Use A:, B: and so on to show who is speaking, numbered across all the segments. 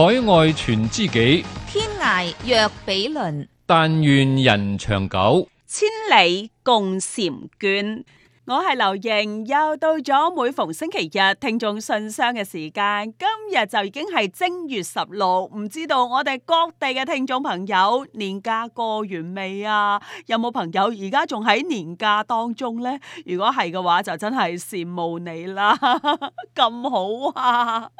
A: 海外存知己，
B: 天涯若比鄰。
A: 但願人長久，
B: 千里共嬋娟。我係劉瑩，又到咗每逢星期日聽眾信箱嘅時間。今日就已經係正月十六，唔知道我哋各地嘅聽眾朋友年假過完未啊？有冇朋友而家仲喺年假當中咧？如果係嘅話，就真係羨慕你啦！咁好啊！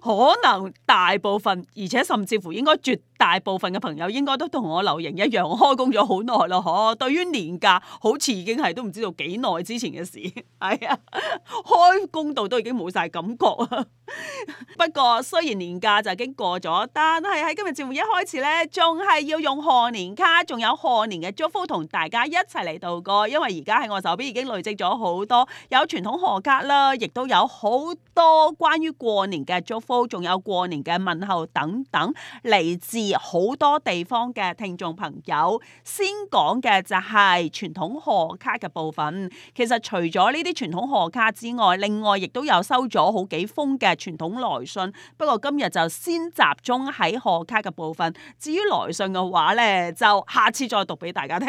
B: 可能大部分，而且甚至乎應該絕大部分嘅朋友，應該都同我留言一樣，開工咗好耐咯。嗬，對於年假，好似已經係都唔知道幾耐之前嘅事。係啊，開工到都已經冇晒感覺啊。 不過雖然年假就已經過咗，但係喺今日節目一開始呢，仲係要用賀年卡，仲有賀年嘅祝福同大家一齊嚟度過。因為而家喺我手邊已經累積咗好多，有傳統賀卡啦，亦都有好多關於過年嘅祝福，仲有過年嘅問候等等，嚟自好多地方嘅聽眾朋友。先講嘅就係傳統賀卡嘅部分。其實除咗呢啲傳統賀卡之外，另外亦都有收咗好幾封嘅傳統來信，不過今日就先集中喺賀卡嘅部分。至於來信嘅話呢，就下次再讀俾大家聽。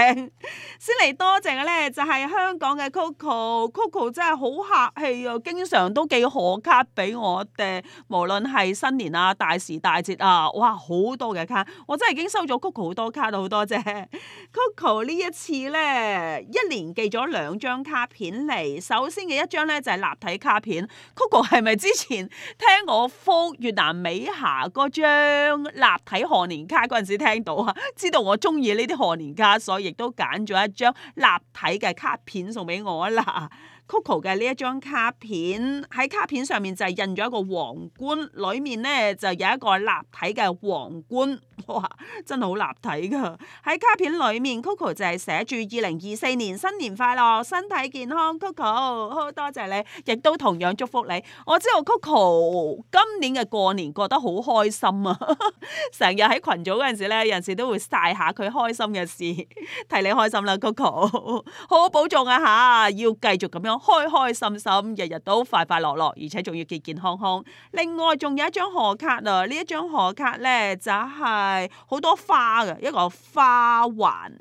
B: 先嚟多謝嘅呢，就係香港嘅 Coco，Coco 真係好客氣啊，經常都寄賀卡俾我哋，無論係新年啊、大時大節啊，哇好多嘅卡，我真係已經收咗 Coco 好多卡都好多謝。Coco 呢一次呢，一年寄咗兩張卡片嚟，首先嘅一張呢，就係立體卡片，Coco 係咪之前聽我覆越南美霞嗰張立體賀年卡嗰陣時聽到啊，知道我中意呢啲賀年卡，所以亦都揀咗一張立體嘅卡片送俾我啦。Coco 嘅呢一張卡片，喺卡片上面就係印咗一個皇冠，裏面咧就有一個立體嘅皇冠，哇，真係好立體㗎！喺卡片裏面，Coco 就係寫住二零二四年新年快樂，身體健康，Coco 好多謝你，亦都同樣祝福你。我知道 Coco 今年嘅過年過得好開心啊，成日喺羣組，嗰陣時咧，有陣時都會晒下佢開心嘅事，替你開心啦，Coco，好好保重啊吓，要繼續咁樣，開開心心，日日都快快樂樂，而且仲要健健康康。另外仲有一張賀卡啊！呢一張賀卡呢，就係好多花嘅一個花環。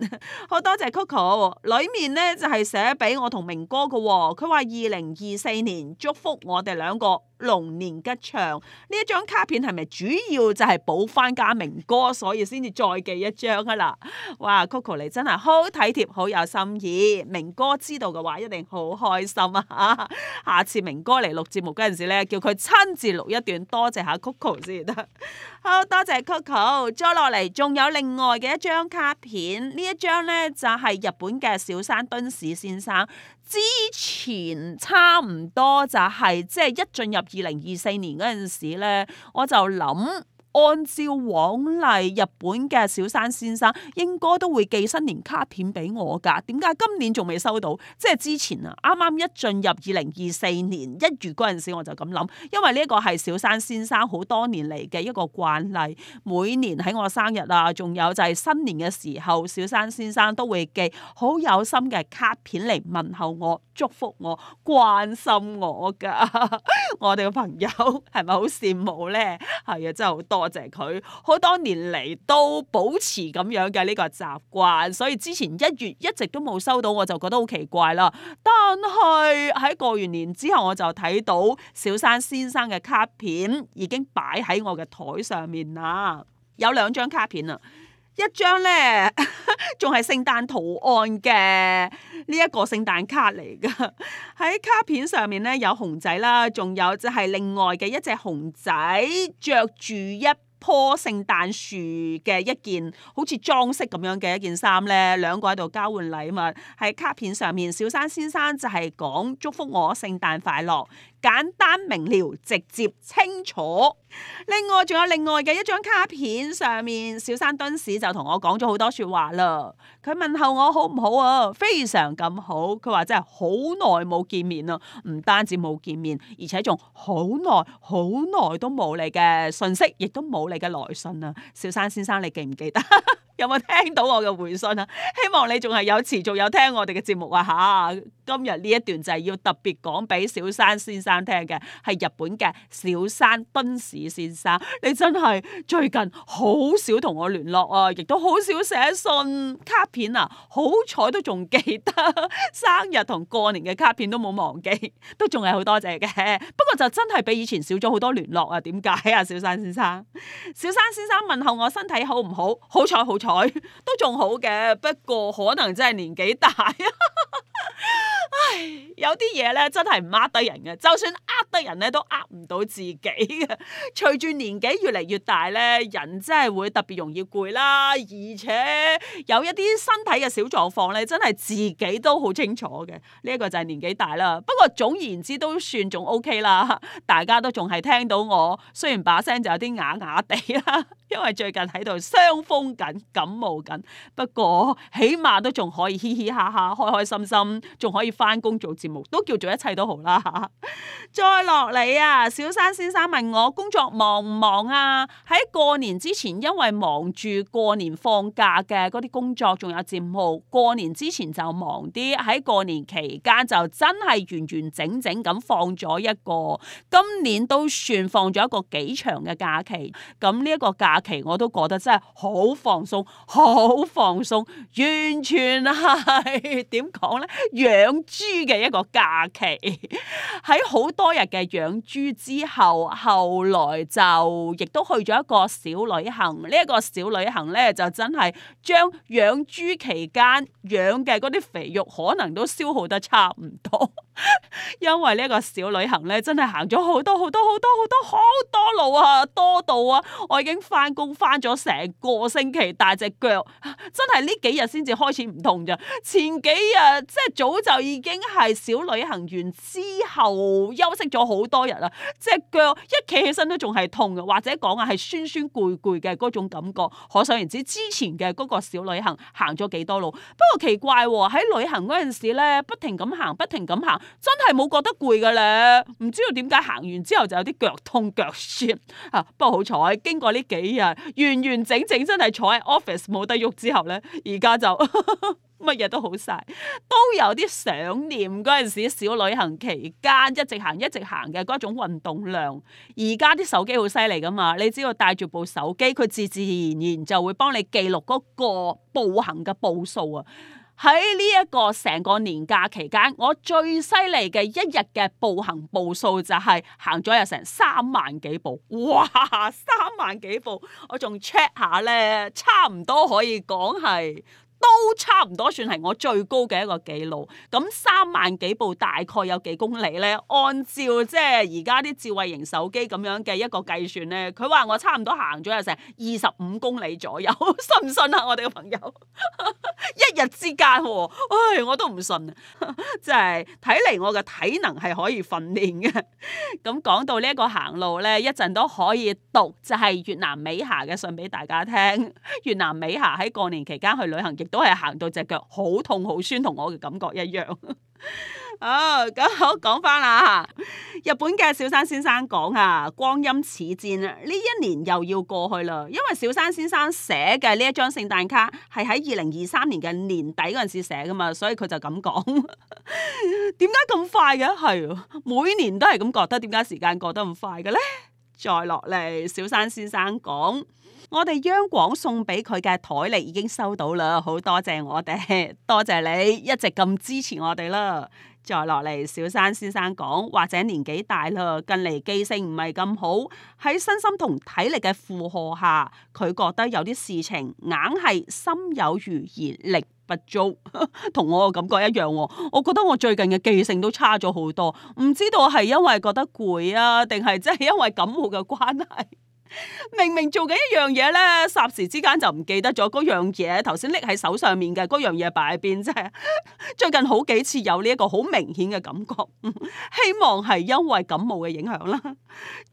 B: 好 多謝 Coco，裡面呢就係寫俾我同明哥嘅。佢話二零二四年祝福我哋兩個龍年吉祥。呢一張卡片係咪主要就係補翻家明哥，所以先至再寄一張啊啦？哇！Coco 你真係好體貼，好有心意。明哥知道嘅話一定好開心。心啊！ 下次明哥嚟錄節目嗰陣時咧，叫佢親自錄一段，多謝下 Coco 先得。 好多謝 Coco，再落嚟仲有另外嘅一張卡片，呢一張呢，就係、是、日本嘅小山敦士先生。之前差唔多就係即係一進入二零二四年嗰陣時呢，我就諗。按照往例，日本嘅小山先生應該都會寄新年卡片俾我噶。點解今年仲未收到？即係之前啊，啱啱一進入二零二四年一月嗰陣時，我就咁諗，因為呢個係小山先生好多年嚟嘅一個慣例，每年喺我生日啊，仲有就係新年嘅時候，小山先生都會寄好有心嘅卡片嚟問候我、祝福我、關心我噶。 我哋嘅朋友係咪好羨慕咧？係啊，真係好多。多謝佢，好多年嚟都保持咁樣嘅呢個習慣，所以之前一月一直都冇收到，我就覺得好奇怪啦。但係喺過完年之後，我就睇到小山先生嘅卡片已經擺喺我嘅台上面啦。有兩張卡片啊，一張呢仲係聖誕圖案嘅呢一個聖誕卡嚟㗎。喺卡片上面呢，有熊仔啦，仲有就係另外嘅一隻熊仔着住一棵聖誕樹嘅一件好似裝飾咁樣嘅一件衫咧，兩個喺度交換禮物，喺卡片上面，小山先生就係講祝福我聖誕快樂。簡單明了，直接清楚。另外仲有另外嘅一張卡片上面，小山敦史就同我講咗好多說話啦。佢問候我好唔好啊？非常咁好。佢話真係好耐冇見面啦，啊，唔單止冇見面，而且仲好耐好耐都冇你嘅信息，亦都冇你嘅來信啊，小山先生你記唔記得？ 有冇聽到我嘅回信啊？希望你仲係有持續有聽我哋嘅節目啊！嚇、啊，今日呢一段就係要特別講俾小山先生聽嘅，係日本嘅小山敦士先生。你真係最近好少同我聯絡啊，亦都好少寫信卡片啊！好彩都仲記得生日同過年嘅卡片都冇忘記，都仲係好多謝嘅。不過就真係比以前少咗好多聯絡啊？點解啊，小山先生？小山先生問候我身體好唔好？好彩，好彩。都仲好嘅，不過可能真係年紀大， 唉，有啲嘢咧真係唔呃得人嘅，就算呃得人咧都呃唔到自己嘅。隨住年紀越嚟越大咧，人真係會特別容易攰啦，而且有一啲身體嘅小狀況咧，真係自己都好清楚嘅。呢一個就係年紀大啦，不過總言之都算仲 OK 啦，大家都仲係聽到我，雖然把聲就有啲啞啞地啦。 因為最近喺度傷風緊感冒緊，不過起碼都仲可以嘻嘻哈哈、開開心心，仲可以翻工做節目，都叫做一切都好啦。 再落嚟啊，小山先生問我工作忙唔忙啊？喺過年之前，因為忙住過年放假嘅啲工作，仲有節目，過年之前就忙啲。喺過年期間就真係完完整整咁放咗一個，今年都算放咗一個幾長嘅假期。咁呢一個假期我都覺得真係好放鬆，好放鬆，完全係點講呢？養豬嘅一個假期，喺好 多日嘅養豬之後，後來就亦都去咗一個小旅行。呢、這、一個小旅行呢，就真係將養豬期間養嘅嗰啲肥肉可能都消耗得差唔多。 因為呢個小旅行呢，真係行咗好多好多好多好多好多路啊，多到啊！我已經翻工翻咗成個星期，但係隻腳真係呢幾日先至開始唔痛咋。前幾日即係早就已經係小旅行完之後休息咗好多日啦，隻腳一企起身都仲係痛，或者講啊係酸酸攰攰嘅嗰種感覺。可想而知之前嘅嗰個小旅行行咗幾多路，不過奇怪喎、哦，喺旅行嗰陣時呢，不停咁行，不停咁行。真係冇覺得攰㗎咧，唔知道點解行完之後就有啲腳痛腳酸嚇、啊。不過好彩經過呢幾日完完整整真係坐喺 office 冇得喐之後咧，而家就乜嘢都好晒，都有啲想念嗰陣時小旅行期間一直行一直行嘅嗰種運動量。而家啲手機好犀利噶嘛，你只要帶住部手機，佢自自然然就會幫你記錄嗰個步行嘅步數啊！喺呢一個成個年假期間，我最犀利嘅一日嘅步行步數就係行咗有成三萬幾步，哇！三萬幾步，我仲 check 下呢，差唔多可以講係。都差唔多算係我最高嘅一個記錄，咁三萬幾步大概有幾公里咧？按照即係而家啲智慧型手機咁樣嘅一個計算咧，佢話我差唔多行咗有成二十五公里左右， 信唔信啊？我哋嘅朋友 一日之間，唉、哎，我都唔信啊！即係睇嚟我嘅體能係可以訓練嘅。咁 講到呢一個行路咧，一陣都可以讀就係、是、越南美霞嘅信俾大家聽越南美霞喺過年期間去旅行嘅都係行到隻腳好痛好酸，同我嘅感覺一樣。啊， 咁好講翻啦吓。日本嘅小山先生講啊，光陰似箭，呢一年又要過去啦。因為小山先生寫嘅呢一張聖誕卡係喺二零二三年嘅年底嗰陣時寫噶嘛，所以佢就咁講。點解咁快嘅？係啊，每年都係咁覺得。點解時間過得咁快嘅咧？再落嚟，小山先生講。我哋央廣送俾佢嘅台曆已經收到啦，好多謝我哋，多謝你一直咁支持我哋啦。再落嚟，小山先生講，或者年紀大啦，近嚟記性唔係咁好，喺身心同體力嘅負荷下，佢覺得有啲事情硬係心有餘而力不足，同 我嘅感覺一樣。我覺得我最近嘅記性都差咗好多，唔知道係因為覺得攰啊，定係真係因為感冒嘅關係。明明做緊一樣嘢咧，霎時之間就唔記得咗嗰樣嘢。頭先拎喺手上面嘅嗰樣嘢擺喺邊啫。最近好幾次有呢一個好明顯嘅感覺，希望係因為感冒嘅影響啦。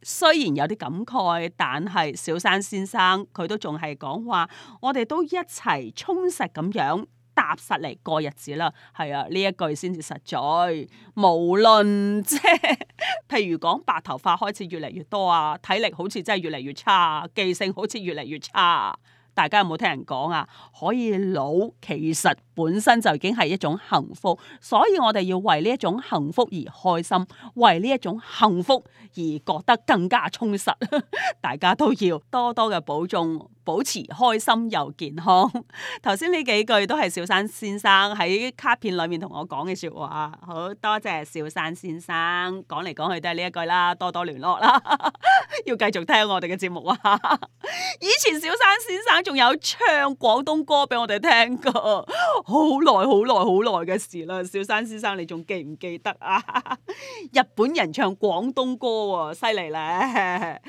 B: 雖然有啲感慨，但係小山先生佢都仲係講話，我哋都一齊充實咁樣踏實嚟過日子啦，係啊，呢一句先至實在。無論即係，譬 如講白頭髮開始越嚟越多啊，體力好似真係越嚟越差，記性好似越嚟越差。大家有冇聽人講啊？可以老，其實本身就已經係一種幸福，所以我哋要為呢一種幸福而開心，為呢一種幸福而覺得更加充實。 大家都要多多嘅保重。保持開心又健康，頭先呢幾句都係小山先生喺卡片裏面同我講嘅説話，好多謝小山先生。講嚟講去都係呢一句啦，多多聯絡啦，哈哈，要繼續聽我哋嘅節目啊！以前小山先生仲有唱廣東歌俾我哋聽過，好耐好耐好耐嘅事啦，小山先生你仲記唔記得啊？日本人唱廣東歌喎，犀利咧！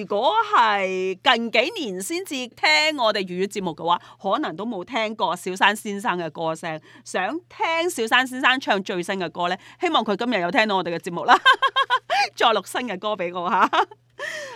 B: 如果係近幾年先至聽我哋粵語節目嘅話，可能都冇聽過小山先生嘅歌聲。想聽小山先生唱最新嘅歌呢？希望佢今日有聽到我哋嘅節目啦，再 錄新嘅歌俾我吓。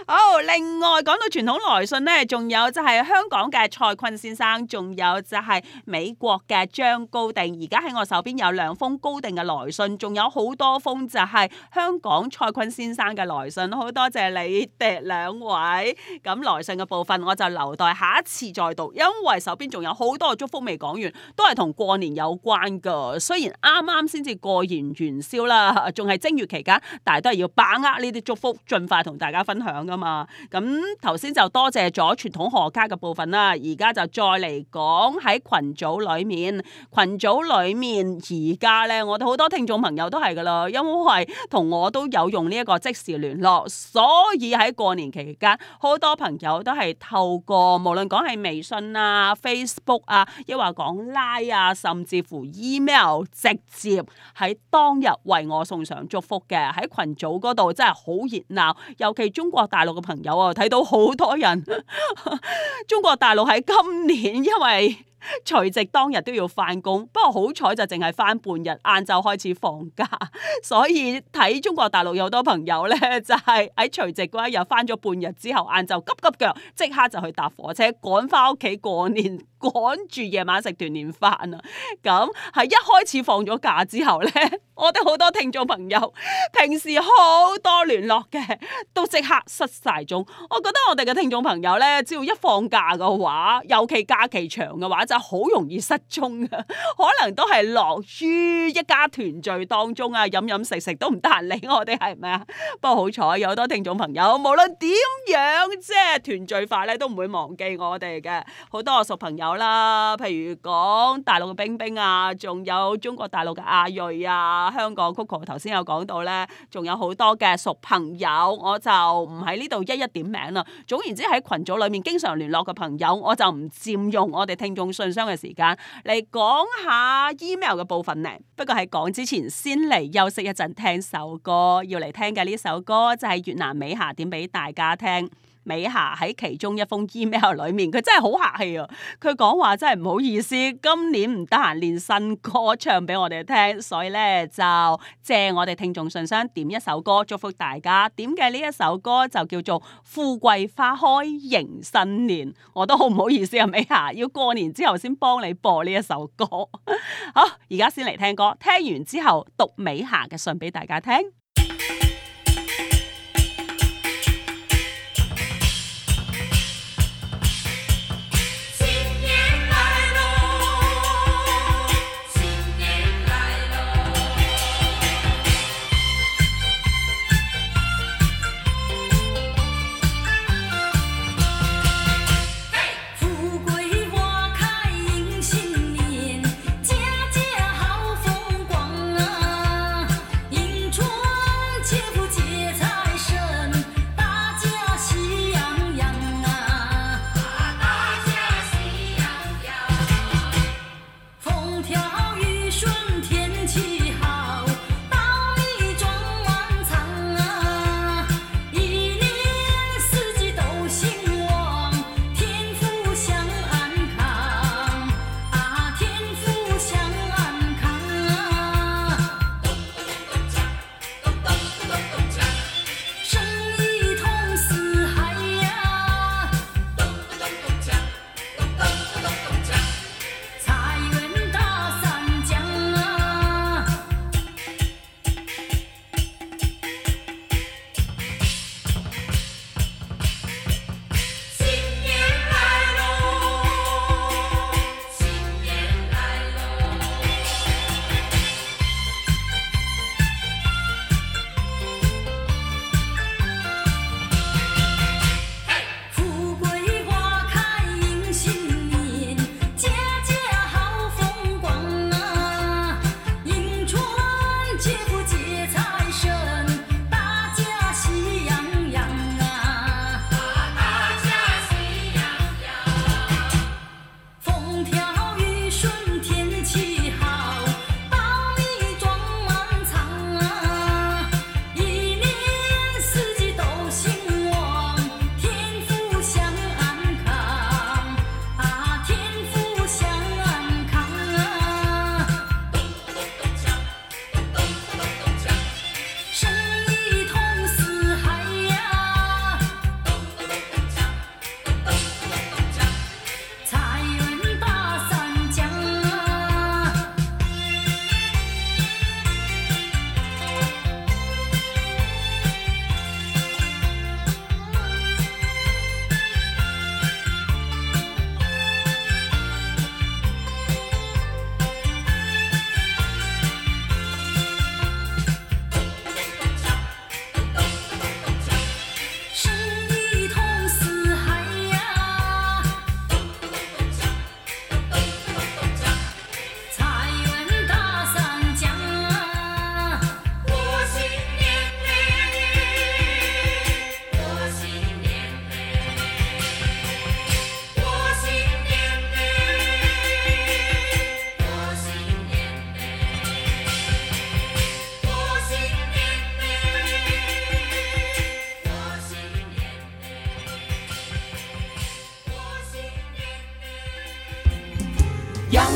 B: 好，另外講到傳統來信呢，仲有就係香港嘅蔡坤先生，仲有就係美國嘅張高定。而家喺我手邊有兩封高定嘅來信，仲有好多封就係香港蔡坤先生嘅來信。好多謝你哋兩位，咁來信嘅部分我就留待下一次再讀，因為手邊仲有好多祝福未講完，都係同過年有關噶。雖然啱啱先至過完元宵啦，仲係正月期間，但係都係要把握呢啲祝福，盡快同大家分享。分享噶嘛。咁頭先就多謝咗傳統賀卡嘅部分啦，而家就再嚟講喺群組裏面，群組裏面而家咧，我哋好多聽眾朋友都係噶啦，因為同我都有用呢一個即時聯絡，所以喺過年期間，好多朋友都係透過無論講係微信啊、Facebook 啊，抑或講 Line 啊，甚至乎 email，直接喺當日為我送上祝福嘅，喺群組度真係好熱鬧，尤其中。中國大陸嘅朋友啊，睇到好多人。 中國大陸喺今年，因為，除夕當日都要翻工，不過好彩就淨係翻半日，晏晝開始放假，所以睇中國大陸有好多朋友呢，就係喺除夕嗰一日翻咗半日之後，晏晝急急腳即刻就去搭火車趕翻屋企過年，趕住夜晚食團年飯啊！咁係一開始放咗假之後呢，我哋好多聽眾朋友平時好多聯絡嘅，都即刻失晒蹤。我覺得我哋嘅聽眾朋友呢，只要一放假嘅話，尤其假期長嘅話就。好容易失蹤啊，可能都係樂於一家團聚當中啊！飲飲食食都唔得閒理我哋，係咪啊？不過好彩有好多聽眾朋友，無論點樣即係團聚快咧，都唔會忘記我哋嘅好多我熟朋友啦。譬如講大陸嘅冰冰啊，仲有中國大陸嘅阿瑞啊，香港 Coco 頭先有講到咧，仲有好多嘅熟朋友，我就唔喺呢度一一點名啦。總言之，喺羣組裡面經常聯絡嘅朋友，我就唔佔用我哋聽眾需信箱嘅時間嚟講下 email 嘅部分呢，不過喺講之前先嚟休息一陣，聽首歌，要嚟聽嘅呢首歌就係越南美霞點俾大家聽。美霞喺其中一封 email 裏面，佢真係好客氣啊！佢講話真係唔好意思，今年唔得閒練新歌唱俾我哋聽，所以咧就借我哋聽眾信箱點一首歌祝福大家。點嘅呢一首歌就叫做《富貴花開迎新年》，我都好唔好意思啊！美霞要過年之後先幫你播呢一首歌。 好，而家先嚟聽歌，聽完之後讀美霞嘅信俾大家聽。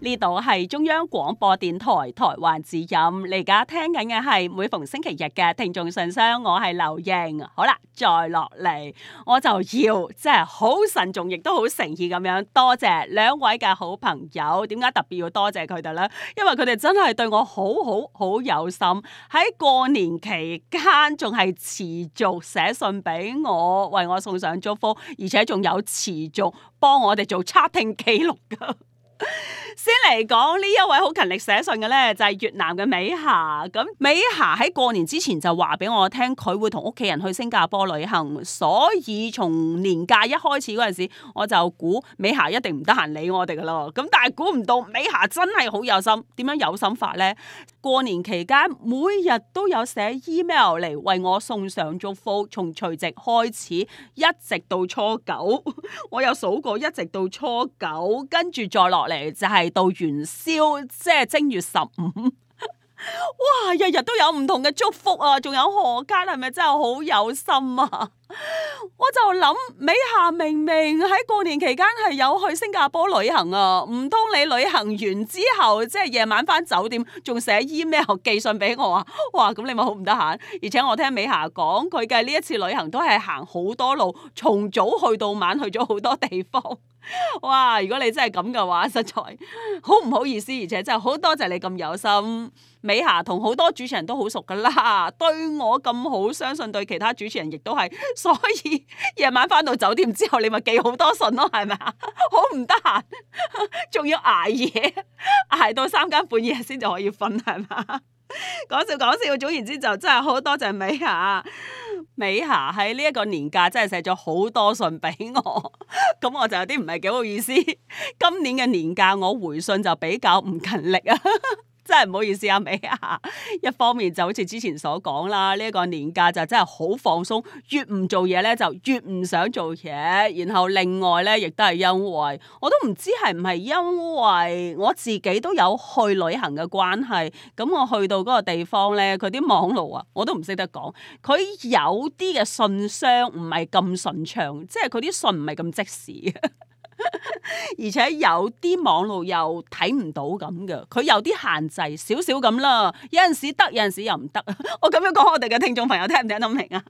B: 呢度係中央廣播電台台灣之音,你而家聽緊嘅係每逢星期日嘅聽眾信箱，我係劉瑩。好啦，再落嚟我就要即係好慎重，亦都好誠意咁樣多謝兩位嘅好朋友。點解特別要多謝佢哋呢？因為佢哋真係對我好好好有心，喺過年期間仲係持續寫信俾我，為我送上祝福，而且仲有持續幫我哋做測聽記錄噶。先嚟講呢一位好勤力寫信嘅呢，就係越南嘅美霞。咁美霞喺過年之前就話俾我聽，佢會同屋企人去新加坡旅行，所以從年假一開始嗰陣時，我就估美霞一定唔得閒理我哋噶咯。咁但係估唔到，美霞真係好有心。點樣有心法呢？過年期間每日都有寫 email 嚟為我送上祝福，從除夕開始一直到初九， 我有數過，一直到初九，跟住再來，嚟就係到元宵，即係正月十五， 哇！日日都有唔同嘅祝福啊，仲有賀卡，係咪真係好有心啊？我就諗美霞明明喺過年期間係有去新加坡旅行啊，唔通你旅行完之後即係夜晚返酒店，仲寫 email 寄信俾我啊？哇！咁你咪好唔得閒？而且我聽美霞講，佢嘅呢一次旅行都係行好多路，從早去到晚去咗好多地方。哇！如果你真係咁嘅話，實在好唔好意思，而且真係好多謝你咁有心。美霞同好多主持人都好熟㗎喇，對我咁好，相信對其他主持人亦都係。所以夜晚返到酒店之後，你咪寄好多信咯，係咪啊？好唔得閒，仲要捱夜，捱到三更半夜先就可以瞓，係咪啊？講笑講笑，總言之就真係好多謝美霞，美霞喺呢一個年假真係寫咗好多信俾我，咁我就有啲唔係幾好意思。今年嘅年假我回信就比較唔勤力啊。真係唔好意思啊，美啊！一方面就好似之前所講啦，呢一個年假就真係好放鬆，越唔做嘢呢就越唔想做嘢。然後另外呢，亦都係因為我都唔知係唔係因為我自己都有去旅行嘅關係，咁我去到嗰個地方呢，佢啲網路啊，我都唔識得講，佢有啲嘅信箱唔係咁順暢，即係佢啲信唔係咁即時。 而且有啲網路又睇唔到咁嘅，佢有啲限制少少咁啦。有陣時得，有陣時又唔得。 我咁樣講，我哋嘅聽眾朋友聽唔聽得明啊？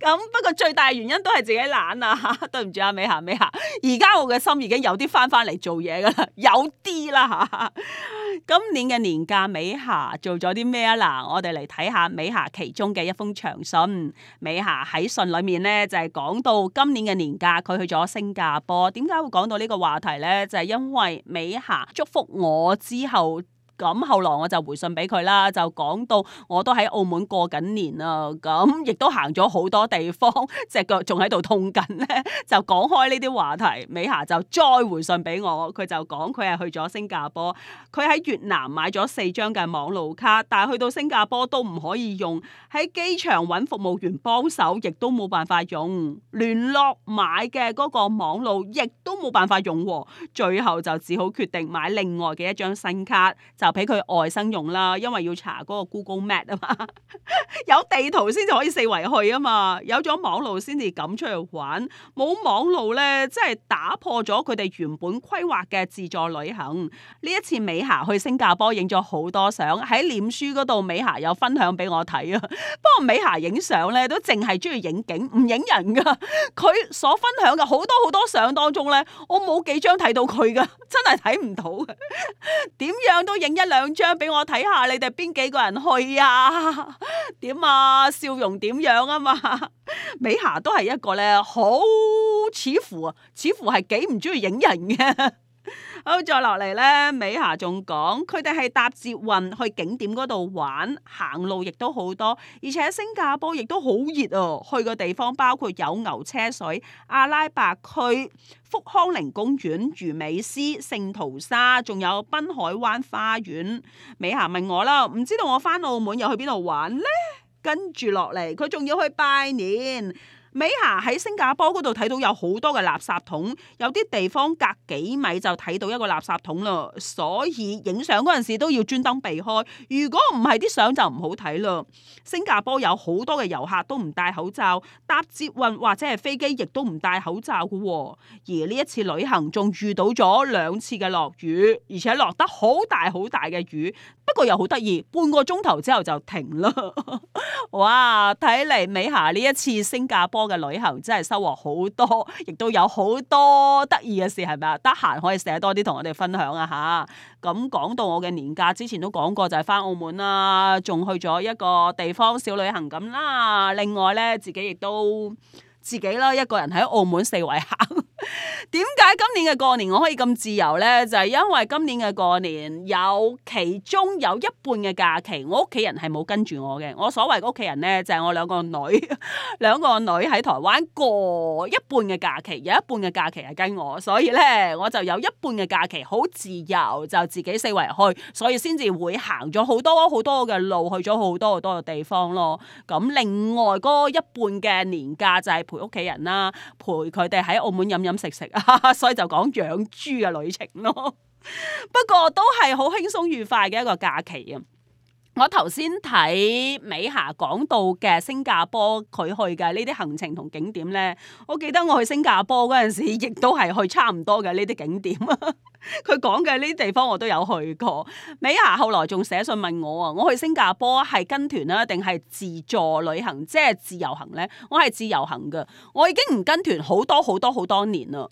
B: 咁、 嗯、不過最大原因都係自己懶啊吓。 對唔住啊，美霞，美霞，而家我嘅心已經有啲翻翻嚟做嘢噶啦，有啲啦吓。 今年嘅年假，美霞做咗啲咩啊嗱？我哋嚟睇下美霞其中嘅一封長信。美霞喺信裏面呢，就係、是、講到今年嘅年假，佢去咗新加坡，點解會講？講到呢個話題咧，就係因為美霞祝福我之後。咁後來我就回信俾佢啦，就講到我都喺澳門過緊年喇，咁亦都行咗好多地方，隻腳仲喺度痛緊呢，就講開呢啲話題。美霞就再回信俾我，佢就講佢係去咗新加坡，佢喺越南買咗四張嘅網路卡，但係去到新加坡都唔可以用，喺機場揾服務員幫手，亦都冇辦法用，聯絡買嘅嗰個網路亦都冇辦法用，最後就只好決定買另外嘅一張新卡。就俾佢外甥用啦，因為要查嗰個 Google Map 啊 嘛，有地圖先至可以四圍去啊嘛，有咗網路先至敢出去玩，冇網路呢，即係打破咗佢哋原本規劃嘅自助旅行。呢一次美霞去新加坡影咗好多相，喺臉書嗰度美霞有分享俾我睇啊。不過美霞影相呢，都淨係中意影景，唔影人噶。佢所分享嘅好多好多相當中呢，我冇幾張睇到佢噶，真係睇唔到。點 樣都影一兩張俾我睇下，你哋邊幾個人去啊？點 啊？笑容點樣啊？嘛， 美霞都係一個咧，好似乎啊，似乎係幾唔中意影人嘅。 好，再落嚟咧，美霞仲講，佢哋係搭捷運去景點嗰度玩，行路亦都好多，而且新加坡亦都好熱啊！去嘅地方包括有牛車水、阿拉伯區、福康寧公園、魚美斯、聖淘沙，仲有濱海灣花園。美霞問我啦，唔知道我翻澳門又去邊度玩呢？跟住落嚟，佢仲要去拜年。美霞喺新加坡度睇到有好多嘅垃圾桶，有啲地方隔幾米就睇到一個垃圾桶咯，所以影相陣時都要專登避開，如果唔係啲相就唔好睇咯。新加坡有好多嘅遊客都唔戴口罩，搭捷運或者係飛機亦都唔戴口罩嘅喎、哦。而呢一次旅行仲遇到咗兩次嘅落雨，而且落得好大好大嘅雨。不過又好得意，半個鐘頭之後就停啦。 哇！睇嚟美霞呢一次新加坡嘅旅行真係收穫好多，亦都有好多得意嘅事，係咪啊？得閒可以寫多啲同我哋分享啊！吓，咁講到我嘅年假，之前都講過，就係返澳門啦，仲去咗一個地方小旅行咁啦。另外咧，自己亦都自己啦，一個人喺澳門四圍行。 點解今年嘅過年，我可以咁自由呢？就係、是、因為今年嘅過年有其中有一半嘅假期，我屋企人係冇跟住我嘅。我所謂屋企人呢，就係、是、我兩個女，兩個女喺台灣過一半嘅假期，有一半嘅假期係跟我，所以呢，我就有一半嘅假期好自由，就自己四圍去，所以先至會行咗好多好多嘅路，去咗好多好多嘅地方咯。咁另外嗰、那個、一半嘅年假就係陪屋企人啦，陪佢哋喺澳門飲飲，食食啊， 所以就講養豬嘅旅程咯。 不過都係好輕鬆愉快嘅一個假期啊。我頭先睇美霞講到嘅新加坡，佢去嘅呢啲行程同景點咧，我記得我去新加坡嗰陣時，亦都係去差唔多嘅呢啲景點。佢 講嘅呢啲地方我都有去過。美霞後來仲寫信問我啊，我去新加坡係跟團啦，定係自助旅行，即係自由行咧？我係自由行嘅，我已經唔跟團好多好多好多，多年啦。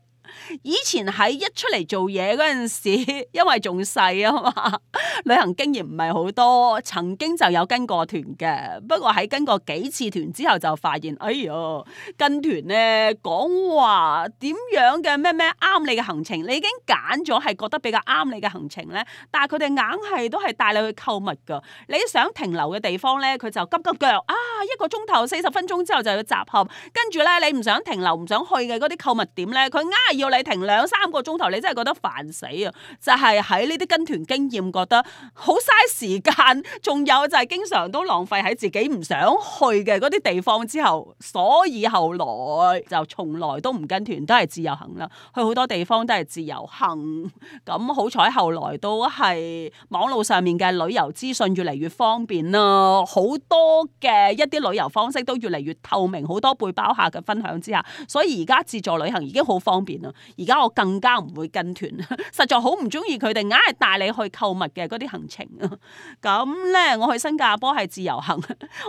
B: 以前喺一出嚟做嘢嗰陣時，因為仲細啊嘛，旅行經驗唔係好多，曾經就有跟過團嘅，不過喺跟過幾次團之後就發現，哎唷，跟團咧講話點樣嘅咩咩啱你嘅行程，你已經揀咗係覺得比較啱你嘅行程咧，但係佢哋硬係都係帶你去購物噶，你想停留嘅地方咧，佢就急急腳啊，一個鐘頭四十分鐘之後就要集合，跟住咧，你唔想停留唔想去嘅嗰啲購物點咧，佢挨要你停兩三個鐘頭，你真係覺得煩死啊！就係喺呢啲跟團經驗，覺得好嘥時間，仲有就係經常都浪費喺自己唔想去嘅嗰啲地方之後，所以後來就從來都唔跟團，都係自由行啦。去好多地方都係自由行，咁好彩後來都係網絡上面嘅旅遊資訊越嚟越方便啦，好多嘅一啲旅遊方式都越嚟越透明，好多背包客嘅分享之下，所以而家自助旅行已經好方便。而家我更加唔會跟團，實在好唔中意佢哋，硬係帶你去購物嘅嗰啲行程。咁咧，我去新加坡係自由行。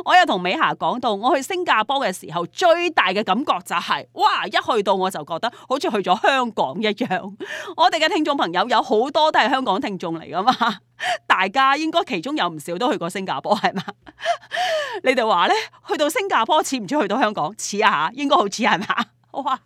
B: 我有同美霞講到，我去新加坡嘅時候，最大嘅感覺就係，哇！一去到我就覺得好似去咗香港一樣。我哋嘅聽眾朋友有好多都係香港聽眾嚟噶嘛，大家應該其中有唔少都去過新加坡，係嘛？你哋話咧，去到新加坡似唔似去到香港？似啊吓，應該好似係嘛？我話。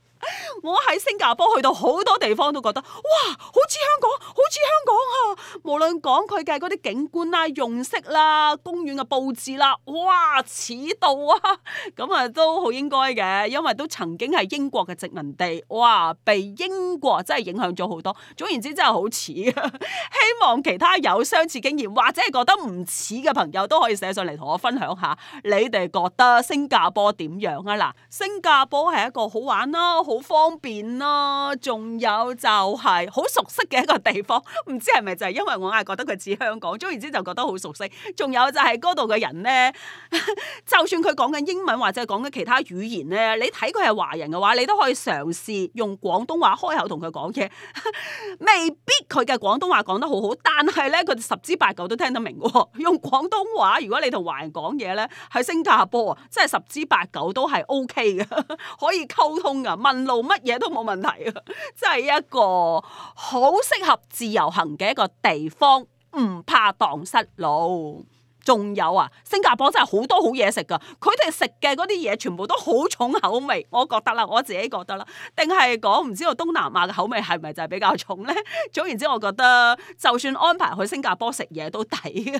B: 我喺新加坡去到好多地方都覺得，哇，好似香港，好似香港啊！無論講佢嘅嗰啲景觀啦、用色啦、公園嘅佈置啦，哇，似到啊！咁啊，都好應該嘅，因為都曾經係英國嘅殖民地，哇，被英國真係影響咗好多。總言之，真係好似啊。希望其他有相似經驗或者係覺得唔似嘅朋友都可以寫上嚟，同我分享下，你哋覺得新加坡點樣啊？嗱，新加坡係一個好玩咯。好方便咯，仲有就係好熟悉嘅一個地方，唔知係咪就係因為我硬係覺得佢似香港，總言之就覺得好熟悉。仲有就係度嘅人咧， 就算佢講緊英文或者講緊其他語言咧，你睇佢係華人嘅話，你都可以嘗試用廣東話開口同佢講嘢。 未必佢嘅廣東話講得好好，但係咧佢十之八九都聽得明嘅。用廣東話如果你同華人講嘢咧，喺新加坡啊，真係十之八九都係 OK 嘅， 可以溝通嘅，問路乜嘢都冇問題啊！真係一個好適合自由行嘅一個地方，唔怕蕩失路。仲有啊，新加坡真係好多好嘢食噶，佢哋食嘅嗰啲嘢全部都好重口味，我覺得啦，我自己覺得啦，定係講唔知道東南亞嘅口味係咪就係比較重咧？總言之，我覺得就算安排去新加坡食嘢都抵啊！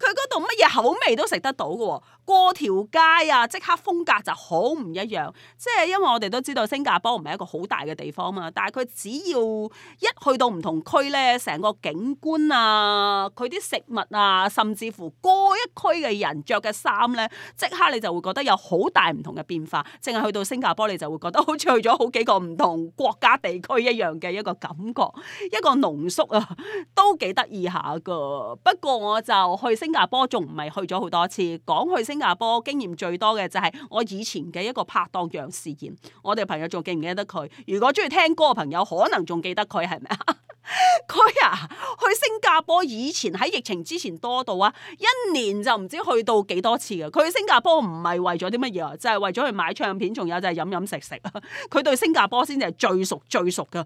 B: 佢嗰度乜嘢口味都食得到嘅喎，過條街啊，即刻風格就好唔一樣，即係因為我哋都知道新加坡唔係一個好大嘅地方嘛，但係佢只要一去到唔同區咧，成個景觀啊，佢啲食物啊，甚至乎～嗰一區嘅人着嘅衫呢，即刻你就會覺得有好大唔同嘅變化。淨係去到新加坡，你就會覺得好似去咗好幾個唔同國家地區一樣嘅一個感覺，一個濃縮啊，都幾得意下㗎。不過我就去新加坡仲唔係去咗好多次。講去新加坡經驗最多嘅就係我以前嘅一個拍檔楊士賢，我哋朋友仲記唔記得佢？如果中意聽歌嘅朋友，可能仲記得佢係咪啊？佢啊，去新加坡以前喺疫情之前多到啊，一年就唔知去到幾多次嘅、啊。佢去新加坡唔係為咗啲乜嘢啊，就係、是、為咗去買唱片，仲有就係飲飲食食。佢 對新加坡先至係最熟最熟噶。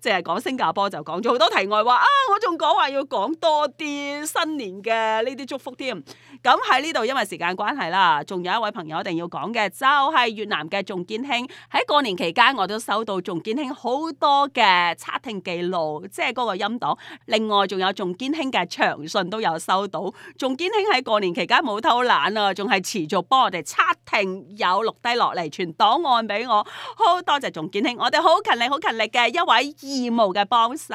B: 即淨係講新加坡就講咗好多題外話啊！我仲講話要講多啲新年嘅呢啲祝福添。咁喺呢度，嗯、因為時間關係啦，仲有一位朋友一定要講嘅就係、是、越南嘅仲堅兄。喺過年期間，我都收到仲堅兄好多嘅測聽記錄，即係嗰個音檔。另外，仲有仲堅兄嘅長信都有收到。仲堅兄喺過年期間冇偷懶啊，仲係持續幫我哋測聽，有錄低落嚟傳檔案俾我。好多謝仲堅兄，我哋好勤力，好勤力，嘅一位義務嘅幫手，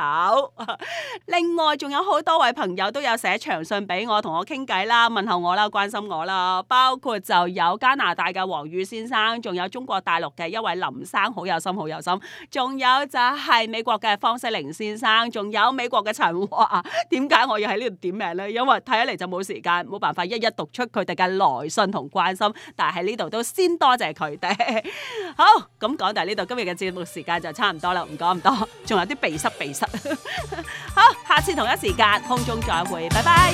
B: 另外仲有好多位朋友都有寫長信俾我，同我傾偈啦，問候我啦，關心我啦，包括就有加拿大嘅黃宇先生，仲有中國大陸嘅一位林生，好有心，好有心，仲有就係美國嘅方世玲先生，仲有美國嘅陳華，點解我要喺呢度點名呢？因為睇起嚟就冇時間，冇辦法一一讀出佢哋嘅來信同關心，但係喺呢度都先多謝佢哋。好，咁講到呢度，今日嘅節目時間就差唔多啦唔講咁多，仲有啲鼻塞鼻塞。好，下次同一時間空中再會，拜拜。